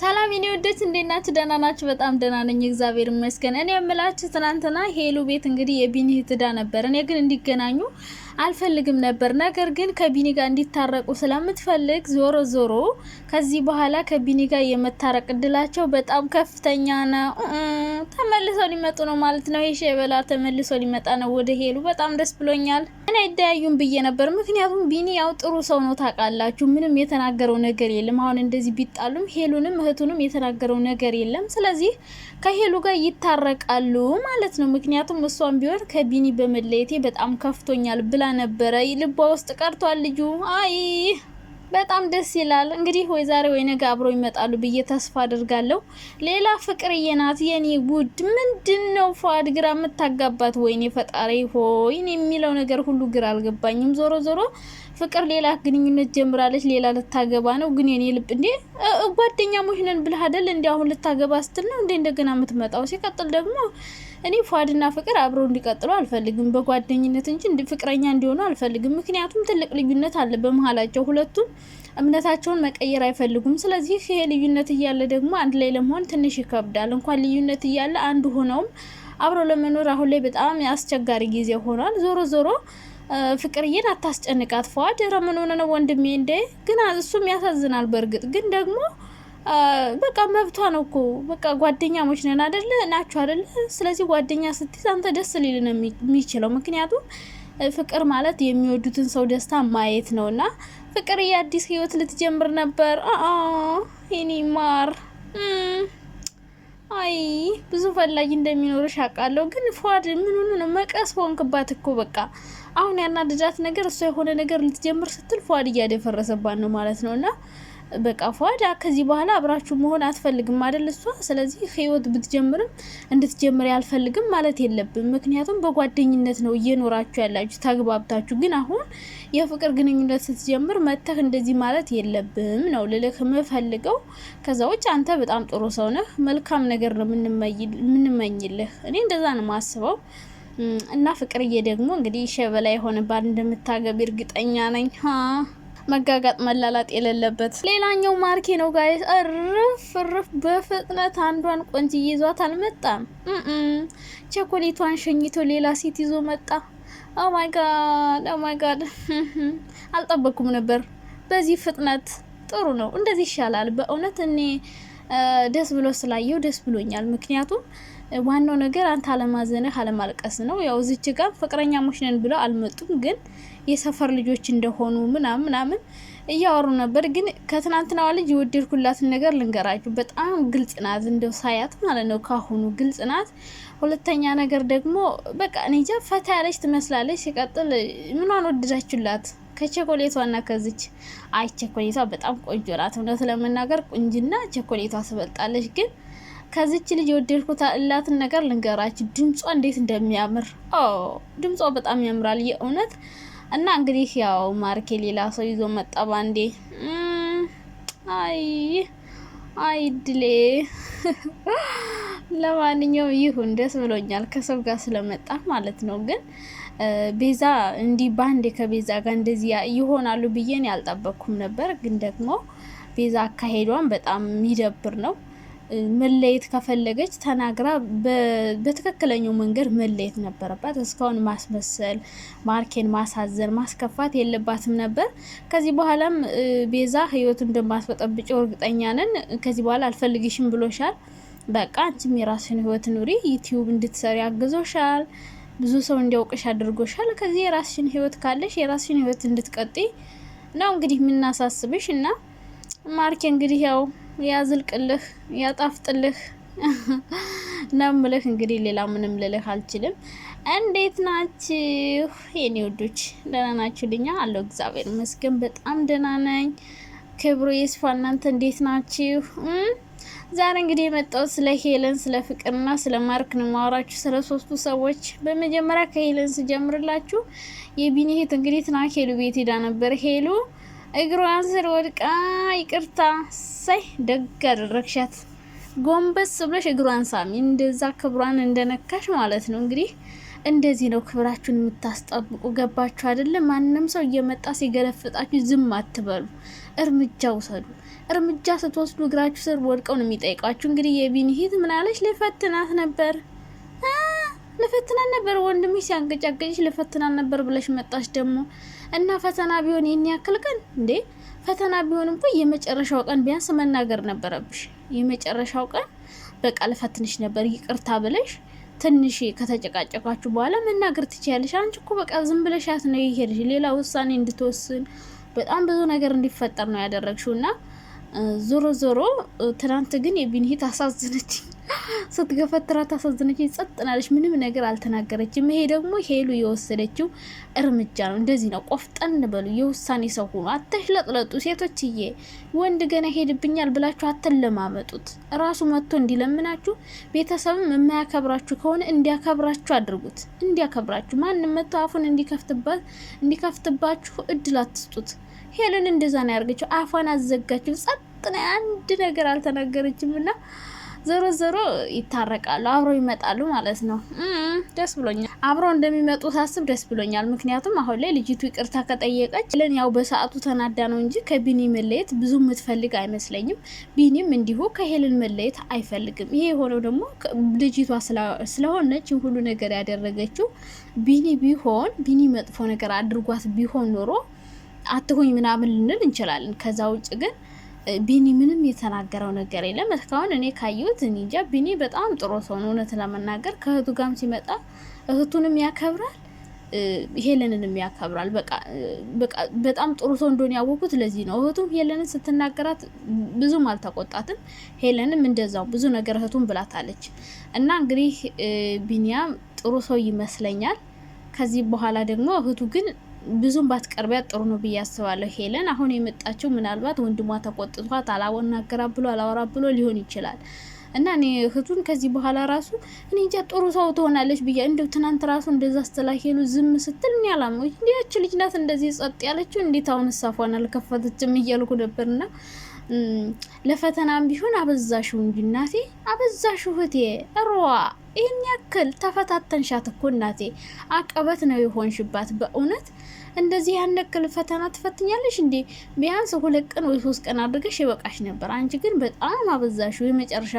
ሰላም የኔ ወዶች እንዴት ናችሁ? ደህና ናችሁ? በጣም ደህና ነኝ፣ እግዚአብሔር ይመስገን። እኔ የምላችሁ ትናንትና ሄሉ ቤት እንግዲህ የቢኒ ትዳ ነበር። እኔ ግን እንዲገናኙ አልፈልግም ነበር። ነገር ግን ከቢኒ ጋር እንዲታረቁ ስለምትፈልግ ዞሮ ዞሮ ከዚህ በኋላ ከቢኒ ጋር የመታረቅ እድላቸው በጣም ከፍተኛ ነው። ተመልሶ ሊመጡ ነው ማለት ነው። የሸበላ ተመልሶ ሊመጣ ነው ወደ ሄሉ። በጣም ደስ ብሎኛል። እኔ አይደያዩም ብዬ ነበር። ምክንያቱም ቢኒ ያው ጥሩ ሰው ነው ታውቃላችሁ። ምንም የተናገረው ነገር የለም። አሁን እንደዚህ ቢጣሉም ሄሉንም እህቱንም የተናገረው ነገር የለም። ስለዚህ ከሄሉ ጋር ይታረቃሉ ማለት ነው። ምክንያቱም እሷም ቢሆን ከቢኒ በመለየቴ በጣም ከፍቶኛል ብላ ብላ ነበረ። ልቧ ውስጥ ቀርቷል ልጁ። አይ በጣም ደስ ይላል። እንግዲህ ወይ ዛሬ ወይ ነገ አብሮ ይመጣሉ ብዬ ተስፋ አድርጋለሁ። ሌላ ፍቅርዬ ናት የኔ ጉድ። ምንድን ነው ፏድ ግራ የምታጋባት? ወይኔ ፈጣሪ ሆይን የሚለው ነገር ሁሉ ግራ አልገባኝም። ዞሮ ዞሮ ፍቅር ሌላ ግንኙነት ጀምራለች። ሌላ ልታገባ ነው። ግን የኔ ልብ እንዴ ጓደኛ ሞሽነን ብለህ አይደል? እንዲ አሁን ልታገባ ስትል ነው እንዴ እንደገና የምትመጣው? ሲቀጥል ደግሞ እኔ ፏድና ፍቅር አብረው እንዲቀጥሉ አልፈልግም፣ በጓደኝነት እንጂ ፍቅረኛ እንዲሆኑ አልፈልግም። ምክንያቱም ትልቅ ልዩነት አለ በመሀላቸው። ሁለቱም እምነታቸውን መቀየር አይፈልጉም። ስለዚህ ይሄ ልዩነት እያለ ደግሞ አንድ ላይ ለመሆን ትንሽ ይከብዳል። እንኳን ልዩነት እያለ አንድ ሆነውም አብሮ ለመኖር አሁን ላይ በጣም አስቸጋሪ ጊዜ ሆኗል። ዞሮ ዞሮ ፍቅርዬን አታስጨንቃት። ፏድ ረምኖነ ነው ወንድሜ እንዴ! ግን እሱም ያሳዝናል። በእርግጥ ግን ደግሞ በቃ መብቷ ነው እኮ በቃ ጓደኛሞች ነን አደለ ናቸው አደለ? ስለዚህ ጓደኛ ስትይዝ አንተ ደስ ሊል ነው የሚችለው። ምክንያቱም ፍቅር ማለት የሚወዱትን ሰው ደስታ ማየት ነው እና ፍቅር የአዲስ ህይወት ልትጀምር ነበር። የኔ ማር አይ ብዙ ፈላጊ እንደሚኖርሽ አውቃለሁ፣ ግን ፏድ ምን ሆኑ ነው መቀስ ሆንክባት እኮ በቃ አሁን ያናደዳት ነገር እሷ የሆነ ነገር ልትጀምር ስትል ፏድ እያደፈረሰባት ነው ማለት ነው እና በቃ ፏዳ ከዚህ በኋላ አብራችሁ መሆን አትፈልግም አይደል? እሷ ስለዚህ ህይወት ብትጀምርም እንድትጀምር ያልፈልግም ማለት የለብም። ምክንያቱም በጓደኝነት ነው እየኖራችሁ ያላችሁ ተግባብታችሁ። ግን አሁን የፍቅር ግንኙነት ስትጀምር መተህ እንደዚህ ማለት የለብም ነው ልልህ ምፈልገው። ከዛ ውጭ አንተ በጣም ጥሩ ሰው ነህ። መልካም ነገር ነው የምንመኝልህ። እኔ እንደዛ ነው ማስበው። እና ፍቅርዬ ደግሞ እንግዲህ ሸበላ የሆነ ባል እንደምታገቢ እርግጠኛ ነኝ። መጋጋጥ መላላጥ የሌለበት። ሌላኛው ማርኬ ነው ጋይስ። እርፍ እርፍ! በፍጥነት አንዷን ቆንጅ ይዟት አልመጣም። ቸኮሌቷን ሸኝቶ ሌላ ሴት ይዞ መጣ። ኦማይ ጋድ ኦማይ ጋድ! አልጠበኩም ነበር በዚህ ፍጥነት። ጥሩ ነው፣ እንደዚህ ይሻላል በእውነት እኔ ደስ ብሎ ስላየው ደስ ብሎኛል። ምክንያቱም ዋናው ነገር አንተ አለማዘንህ አለማልቀስ ነው። ያው እዚች ጋር ፍቅረኛ ነን ብለው አልመጡም፣ ግን የሰፈር ልጆች እንደሆኑ ምናምን ምናምን እያወሩ ነበር። ግን ከትናንትናዋ ልጅ የወደድኩላትን ነገር ልንገራችሁ። በጣም ግልጽ ናት፣ እንደው ሳያት ማለት ነው ካሁኑ ግልጽ ናት። ሁለተኛ ነገር ደግሞ በቃ እኔጃ ፈታ ያለች ትመስላለች። ሲቀጥል ምኗን ወደዳችሁላት? ከቸኮሌቷና ከዚች አይ ቸኮሌቷ በጣም ቆንጆ ናት። እውነት ለመናገር ቁንጅና ቸኮሌቷ ትበልጣለች ግን ከዚች ልጅ የወደድኩት እላትን ነገር ልንገራች ድምጿ እንዴት እንደሚያምር ድምጿ በጣም ያምራል የእውነት። እና እንግዲህ ያው ማርኬ ሌላ ሰው ይዞ መጣ ባንዴ። አይ አይ ድሌ። ለማንኛውም ይሁን ደስ ብሎኛል፣ ከሰው ጋር ስለመጣ ማለት ነው። ግን ቤዛ እንዲህ ባንዴ ከቤዛ ጋር እንደዚህ ይሆናሉ ብዬን ያልጠበቅኩም ነበር። ግን ደግሞ ቤዛ አካሄዷን በጣም የሚደብር ነው። መለየት ከፈለገች ተናግራ በትክክለኛው መንገድ መለየት ነበረባት። እስካሁን ማስመሰል፣ ማርኬን ማሳዘን፣ ማስከፋት የለባትም ነበር። ከዚህ በኋላም ቤዛ ህይወቱን እንደማትበጠብጭው እርግጠኛ ነን። ከዚህ በኋላ አልፈልግሽም ብሎሻል። በቃ አንቺም የራስሽን ህይወት ኑሪ። ዩቲዩብ እንድትሰሪ አግዞሻል። ብዙ ሰው እንዲያውቅሽ አድርጎሻል። ከዚህ የራስሽን ህይወት ካለሽ የራስሽን ህይወት እንድትቀጤ ነው እንግዲህ የምናሳስብሽ እና ማርኬ እንግዲህ ያው ያዝልቅልህ ያጣፍጥልህ ነው ምልህ። እንግዲህ ሌላ ምንም ልልህ አልችልም። እንዴት ናችሁ የኔ ውዶች? ደህና ናችሁ? ልኛ አለው እግዚአብሔር ይመስገን በጣም ደህና ነኝ። ክብሩ ይስፋ። እናንተ እንዴት ናችሁ? ዛሬ እንግዲህ የመጣው ስለ ሄለን ስለ ፍቅርና ስለ ማርክ ነው ማወራችሁ፣ ስለ ሶስቱ ሰዎች። በመጀመሪያ ከሄለን ስጀምርላችሁ የቢኒ እህት እንግዲህ ትናንት ሄሉ ቤት ሄዳ ነበር ሄሉ እግሯን ስር ወድቃ ይቅርታ ሳይ ደግ አደረግሻት። ጎንበስ ብለሽ እግሯን ሳሚ። እንደዛ ክብሯን እንደነካሽ ማለት ነው። እንግዲህ እንደዚህ ነው ክብራችሁን የምታስጠብቁ። ገባችሁ አይደለም? ማንም ሰው እየመጣ ሲገለፍጣችሁ ዝም አትበሉ፣ እርምጃ ውሰዱ። እርምጃ ስትወስዱ እግራችሁ ስር ወድቀው ነው የሚጠይቋችሁ። እንግዲህ የቢኒሂት እህት ምናለች? ልፈትናት ነበር ልፈትናት ነበር ወንድምሽ ሲያንቀጫቀጭሽ ልፈትናት ነበር ብለሽ መጣች ደግሞ እና ፈተና ቢሆን ይህን ያክል ቀን እንዴ! ፈተና ቢሆንም እኮ የመጨረሻው ቀን ቢያንስ መናገር ነበረብሽ። የመጨረሻው ቀን በቃ ልፈትንሽ ነበር ይቅርታ ብለሽ ትንሽ ከተጨቃጨቃችሁ በኋላ መናገር ትችያለሽ። አንቺ እኮ በቃ ዝም ብለሻት ነው የሄድሽ። ሌላ ውሳኔ እንድትወስን በጣም ብዙ ነገር እንዲፈጠር ነው ያደረግሽው እና ዞሮ ዞሮ ትናንት ግን የቢኒሂት አሳዝነች፣ ስትገፈትራት አሳዝነችኝ። ጸጥ ናለች፣ ምንም ነገር አልተናገረችም። ይሄ ደግሞ ሄሉ የወሰደችው እርምጃ ነው። እንደዚህ ነው። ቆፍጠን በሉ፣ የውሳኔ ሰው ሁኑ። አተሽለጥለጡ ሴቶችዬ። ወንድ ገና ሄድብኛል ብላችሁ አትለማመጡት። ራሱ መጥቶ እንዲለምናችሁ፣ ቤተሰብም የማያከብራችሁ ከሆነ እንዲያከብራችሁ አድርጉት። እንዲያከብራችሁ ማንም መጥቶ አፉን እንዲከፍትባት እንዲከፍትባችሁ እድል አትስጡት። ሄለን እንደዛ ነው ያደርገችው። አፏን አዘጋችው፣ ጸጥ ነው፣ አንድ ነገር አልተናገረችም። እና ዞሮ ዞሮ ይታረቃሉ፣ አብሮ ይመጣሉ ማለት ነው። ደስ ብሎኛል። አብሮ እንደሚመጡ ሳስብ ደስ ብሎኛል። ምክንያቱም አሁን ላይ ልጅቱ ይቅርታ ከጠየቀች ሄለን ያው በሰዓቱ ተናዳ ነው እንጂ ከቢኒ መለየት ብዙ የምትፈልግ አይመስለኝም። ቢኒም እንዲሁ ከሄለን መለየት አይፈልግም። ይሄ የሆነው ደግሞ ልጅቷ ስለሆነች ሁሉ ነገር ያደረገችው ቢኒ ቢሆን ቢኒ መጥፎ ነገር አድርጓት ቢሆን ኖሮ አትሆኝ ምናምን ልንል እንችላለን። ከዛ ውጭ ግን ቢኒ ምንም የተናገረው ነገር የለም እስካሁን እኔ ካየሁት። እኔ እንጃ ቢኒ በጣም ጥሩ ሰው ነው እውነት ለመናገር ከእህቱ ጋርም ሲመጣ እህቱንም ያከብራል ሄለንንም ያከብራል። በጣም ጥሩ ሰው እንደሆነ ያወቁት ለዚህ ነው። እህቱም ሄለንን ስትናገራት ብዙም አልተቆጣትም። ሄለንም እንደዛው ብዙ ነገር እህቱም ብላታለች። እና እንግዲህ ቢኒያም ጥሩ ሰው ይመስለኛል። ከዚህ በኋላ ደግሞ እህቱ ግን ብዙም ባትቀርቢያት ጥሩ ነው ብዬ አስባለሁ። ሄለን አሁን የመጣችው ምናልባት ወንድሟ ተቆጥቷት አላወናገራ ብሎ አላወራ ብሎ ሊሆን ይችላል እና እኔ እህቱን ከዚህ በኋላ ራሱ እኔ እንጃ ጥሩ ሰው ትሆናለች ብዬ እንደው ትናንት ራሱ እንደዛ ስትላሄሉ ዝም ስትል እኔ አላምኖች እንዲያች ልጅ ናት እንደዚህ ጸጥ ያለችው እንዴት አሁን እሳፏን አልከፈተችም እያልኩ ነበርና ለፈተናም ቢሆን አበዛሽው እንጂ እናቴ አበዛሽው እህቴ እሯ ይህን ያክል ተፈታተንሻት እኮ እናቴ፣ አቀበት ነው የሆንሽባት። በእውነት እንደዚህ ያን ያክል ፈተና ትፈትኛለሽ እንዴ? ቢያንስ ሁለት ቀን ወይ ሶስት ቀን አድርገሽ የበቃሽ ነበር። አንቺ ግን በጣም አበዛሽ። የመጨረሻ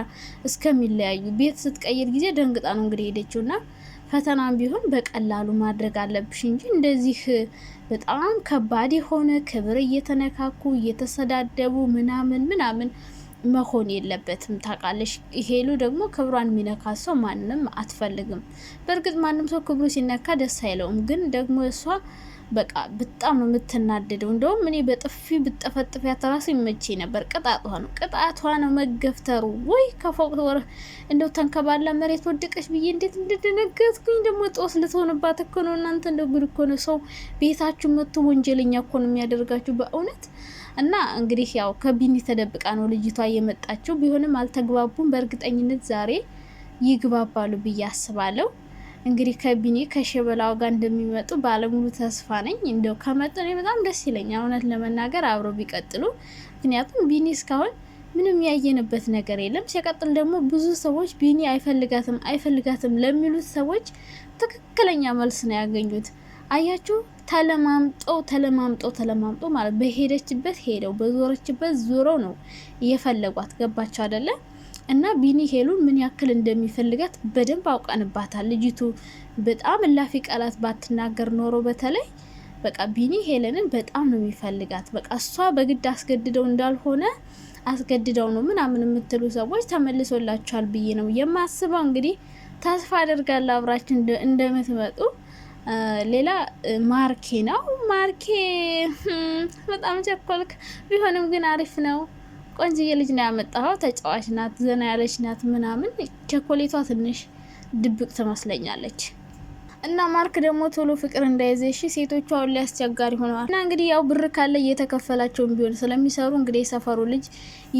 እስከሚለያዩ ቤት ስትቀይር ጊዜ ደንግጣ ነው እንግዲህ ሄደችውና ፈተናም ቢሆን በቀላሉ ማድረግ አለብሽ እንጂ እንደዚህ በጣም ከባድ የሆነ ክብር እየተነካኩ እየተሰዳደቡ ምናምን ምናምን መሆን የለበትም ታውቃለሽ። ሄሉ ደግሞ ክብሯን የሚነካ ሰው ማንም አትፈልግም። በእርግጥ ማንም ሰው ክብሩ ሲነካ ደስ አይለውም፣ ግን ደግሞ እሷ በቃ በጣም ነው የምትናደደው። እንደውም እኔ በጥፊ ብጠፈጥፍ ያተራሱ ይመቼ ነበር። ቅጣቷ ነው ቅጣቷ ነው መገፍተሩ። ወይ ከፎቅ ወር እንደው ተንከባላ መሬት ወደቀች ብዬ እንዴት እንደደነገጥኩኝ ደግሞ ጦስ ልትሆንባት እኮ ነው እናንተ። እንደው ጉድ እኮ ነው ሰው ቤታችሁ መጥቶ ወንጀለኛ እኮ ነው የሚያደርጋችሁ በእውነት እና እንግዲህ ያው ከቢኒ ተደብቃ ነው ልጅቷ የመጣችው። ቢሆንም አልተግባቡም። በእርግጠኝነት ዛሬ ይግባባሉ ብዬ አስባለሁ። እንግዲህ ከቢኒ ከሸበላው ጋር እንደሚመጡ ባለሙሉ ተስፋ ነኝ። እንደው ከመጡ እኔ በጣም ደስ ይለኛል፣ እውነት ለመናገር አብሮ ቢቀጥሉ። ምክንያቱም ቢኒ እስካሁን ምንም ያየንበት ነገር የለም። ሲቀጥል ደግሞ ብዙ ሰዎች ቢኒ አይፈልጋትም አይፈልጋትም ለሚሉት ሰዎች ትክክለኛ መልስ ነው ያገኙት። አያችሁ ተለማምጠው ተለማምጠው ተለማምጠው ማለት በሄደችበት ሄደው በዞረችበት ዞረው ነው እየፈለጓት። ገባቸው አይደለም? እና ቢኒ ሄሉን ምን ያክል እንደሚፈልጋት በደንብ አውቀንባታል። ልጅቱ በጣም እላፊ ቃላት ባትናገር ኖሮ በተለይ በቃ ቢኒ ሄለንን በጣም ነው የሚፈልጋት። በቃ እሷ በግድ አስገድደው እንዳልሆነ አስገድደው ነው ምናምን የምትሉ ሰዎች ተመልሶላችኋል ብዬ ነው የማስበው። እንግዲህ ተስፋ አደርጋለሁ አብራችን እንደምትመጡ ሌላ ማርኬ ነው። ማርኬ በጣም ቸኮልክ። ቢሆንም ግን አሪፍ ነው። ቆንጅዬ ልጅ ነው ያመጣኸው። ተጫዋች ናት፣ ዘና ያለች ናት ምናምን። ቸኮሌቷ ትንሽ ድብቅ ትመስለኛለች። እና ማርክ ደግሞ ቶሎ ፍቅር እንዳይዘ ሴቶቹ አሁን ላይ አስቸጋሪ ሆነዋል። እና እንግዲህ ያው ብር ካለ እየተከፈላቸውን ቢሆን ስለሚሰሩ እንግዲህ የሰፈሩ ልጅ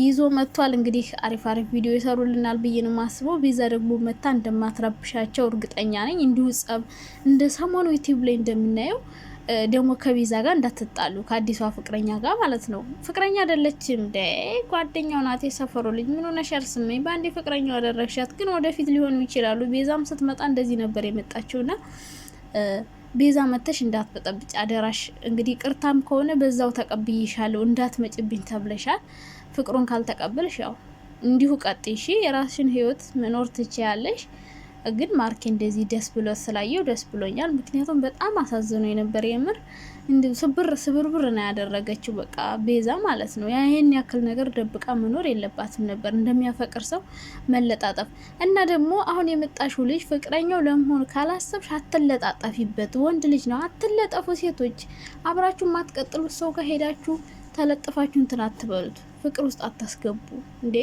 ይዞ መጥቷል። እንግዲህ አሪፍ አሪፍ ቪዲዮ ይሰሩልናል ብዬ ነው ማስበው። ቤዛ ደግሞ መታ እንደማትረብሻቸው እርግጠኛ ነኝ። እንዲሁ ጸብ እንደ ሰሞኑ ዩቲዩብ ላይ እንደምናየው ደግሞ ከቤዛ ጋር እንዳትጣሉ ከአዲሷ ፍቅረኛ ጋር ማለት ነው። ፍቅረኛ አይደለችም ደ ጓደኛው ናት። የሰፈሩ ልጅ ምን ሆነሽ አልስመኝ በአንዴ ፍቅረኛው አደረግሻት። ግን ወደፊት ሊሆኑ ይችላሉ። ቤዛም ስትመጣ እንደዚህ ነበር የመጣችውና ቤዛ መተሽ እንዳትበጠብጭ አደራሽ። እንግዲህ ቅርታም ከሆነ በዛው ተቀብይሻለሁ እንዳትመጭብኝ ተብለሻል። ፍቅሩን ካልተቀበልሽ ያው እንዲሁ ቀጥይ። እሺ የራስሽን ህይወት መኖር ትችያለሽ። ግን ማርኬ እንደዚህ ደስ ብሎ ስላየው ደስ ብሎኛል። ምክንያቱም በጣም አሳዝኖ የነበር የምር እንዲ ስብር ስብርብር ነው ያደረገችው፣ በቃ ቤዛ ማለት ነው። ይህን ያክል ነገር ደብቃ መኖር የለባትም ነበር፣ እንደሚያፈቅር ሰው መለጣጠፍ እና ደግሞ አሁን የመጣሽው ልጅ ፍቅረኛው ለመሆን ካላሰብሽ አትለጣጠፊበት። ወንድ ልጅ ነው፣ አትለጠፉ። ሴቶች አብራችሁ ማትቀጥሉት ሰው ከሄዳችሁ ተለጥፋችሁ እንትን አትበሉት፣ ፍቅር ውስጥ አታስገቡ እንዴ